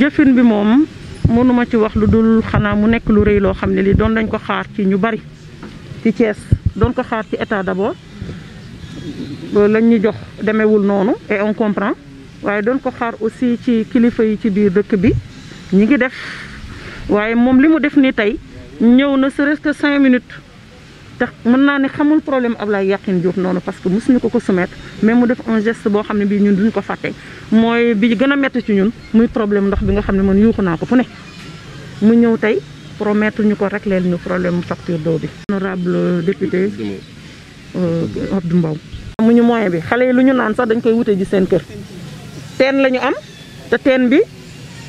jëfin bi moom mënuma ci wax lu dul xanaa mu nekk lu réy loo xam ne lii doon nañ ko xaar ci ñu bari ci Thiès doon ko xaar ci état d'abord lañ ñu jox demewul noonu et on waaye doon ko xaar aussi ci kilifa yi ci biir dëkk bi ñi ngi def waaye moom li mu def ni tey ñëw na serait-ce minutes tax mën naa ne xamul problème Ablaye Yakhine Diouf noonu parce que mosuñu ko ko soumettre mais mu def un geste boo xam ne bii ñun duñ ko fàtte mooy bi gën a métti ci ñun muy problème ndox bi nga xam ne man yuuxu naa ko fu ne mu ñëw tey promettre ñu ko régleel ñu problème facture d'eau bi. honorable euh, député euh, Abdou Mbow. amuñu moyen bi xale yi lu ñu naan sax dañ koy wute ji seen kër teen la ñu am te teen bi.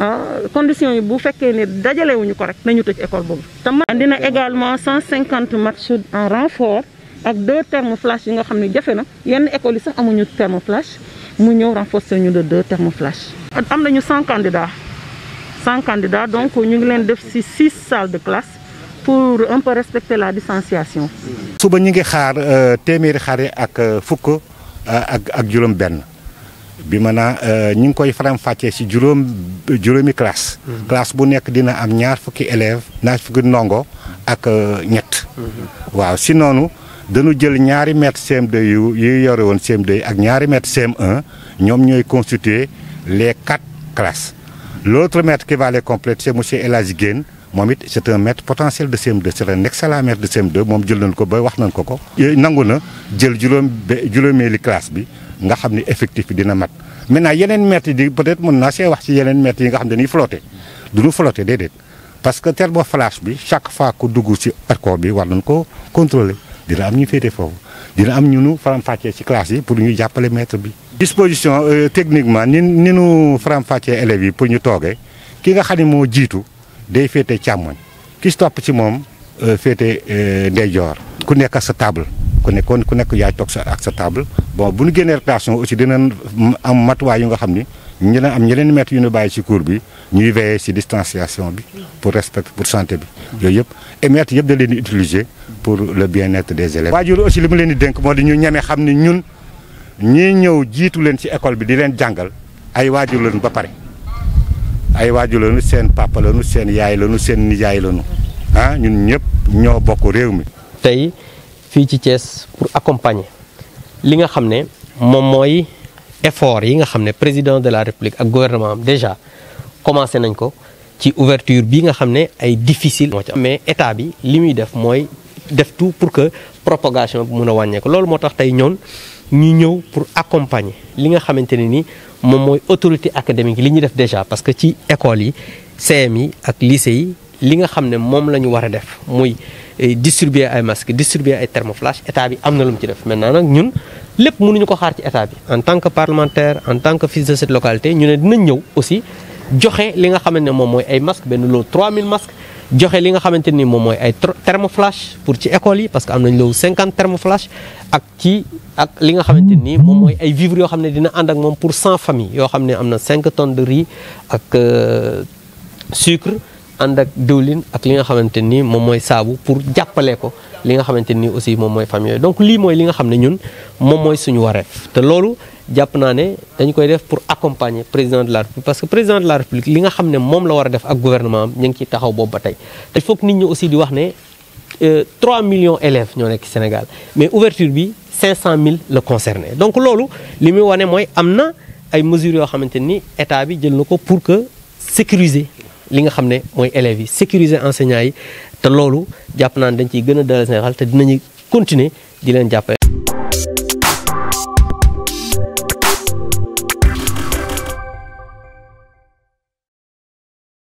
Hein? conditions yi bu fekkee ne dajalewuñu ko rek nañu tëj école boobu te man dina également cent cinquante matchs en renfort ak deux thermoflash yi nga xam ne jafe na yenn écoles yi sax amuñu thermoflash mu ñëw renforcer ñu de deux thermoflash am nañu cent candidats cent candidats donc ñu ngi leen def ci six salles de classe pour un peu respecter la distanciation suba ñu ngi xaar euh, téeméeri xare ak euh, fukk euh, ak ak juróom benn bi maanaam euh, ñu ngi koy faram-fàccee ci juróom juróomi classe. Mhm. classe bu nekk dina am ñaar fukki élèves ñaar fukki ndongo ak euh, ñett. Mhm. waaw si noonu dañu jël ñaari maître CM2 yu yu yore woon CM2 ak ñaari maître CM1 ñoom ñooy constituer les quatre classes. L'autre maître qui va aller compléter, c'est M. Elaziguen. moom c'est un maître potentiel de CM2 c'est un excellent maître de CM2 moom jël nañ ko ba wax nañ ko ko. nangu na jël juróom juróomeeli classe bi nga xam ne effectif bi dina mat maintenant yeneen maîtres yi peut-être mën naa see wax ci yeneen maîtres yi nga xam ne dañuy flotté du ñu flotté déedéet parce que thermoflash bi chaque fois ku dugg ci parcours bi war nañ ko contrôler dina am ñu féete foofu dina am ñu nu faram-fàccee ci classe yi pour ñu jàppale maître bi disposition euh, techniquement ni ni ñu faram-fàccee élèves yi pour ñu togué ki nga xani mo jitu day fété càmmoñ ki si topp ci moom euh, féete euh, jor ku nekk sa table ku nekk ku nekk yaay tok sa ak sa table bon buñu ñu génnee aussi dinañ am matwa yu nga xamni ni ñu am ñeneen mètres yu ñu bay ci cour bi ñuy veiller ci distanciation bi pour respect pour santé bi yoy yep et mètres yep da leen utiliser pour le bien-être des élèves wajuru aussi limu leen di dénk modi ñu ñame xamni ñun ñii ñëw jiitu leen ci école bi di leen jàngal ay waajur lañu ba pare ay waajur lañu seen papa lañu seen yaay lañu seen nijaay lañu ah ñun ñëpp ñoo bokk réew mi. tey fii ci Thiès pour accompagner li nga xam ne moom mooy effort yi nga xam ne président de la république ak gouvernement am déjà commencé nañ ko ci ouverture bi nga xam ne ay difficile moo ci mais état bi li muy def mooy def tout pour que propagation bi mun a wàññeeku loolu moo tax tey ñoon ñu ñëw pour accompagner li nga xamanteni ni moom mooy autorité académique li ñu def déjà parce que ci école yi CM yi ak lycée yi li nga xam ne moom la ñu war a def muy eh, distribuer ay masques distribuer ay thermoflash état bi am na lu mu ci def maintenant nag ñun lépp mënuñu ko xaar ci état bi en tant que parlementaire en tant que fils de cette localité ñu ne dinañ ñëw aussi joxe li nga xamante ne moom mooy ay masques benn loo 3000 masques joxe li nga xamante ni moom mooy ay thermoflash pour ci école yi parce que am nañ loolu cinquante thermoflash ak ci ak li nga xamante nii moom mooy ay vivres yoo xam ne dina ànd ak moom pour cent famille yoo xam ne am na cinq tonnes de riz ak euh, sucre andak ak ak li nga xamanteni mom moy sabu pour jàppale ko li nga xamanteni aussi mom moy famille donc li moy li nga xam ñun mom moy suñu wareef te lolu jàpp naa ne dañ koy def pour accompagner président de la république parce que président de la république li nga xam mom la wara def ak gouvernement ñing ci taxaw boobu batay tey fokk nit ñi aussi di wax ne 3 euh, millions élèves ñoo nekk Sénégal mais ouverture bi 500000 le concerné donc lolu limi muy moy amna ay mesures yo xamanteni état bi jël nako pour que sécuriser li nga xam ne mooy élèves yi sécuriser enseignants yi te loolu jàpp naa ne dañ ciy gën a dalal Sénégal dinañu continuer di leen jàppale.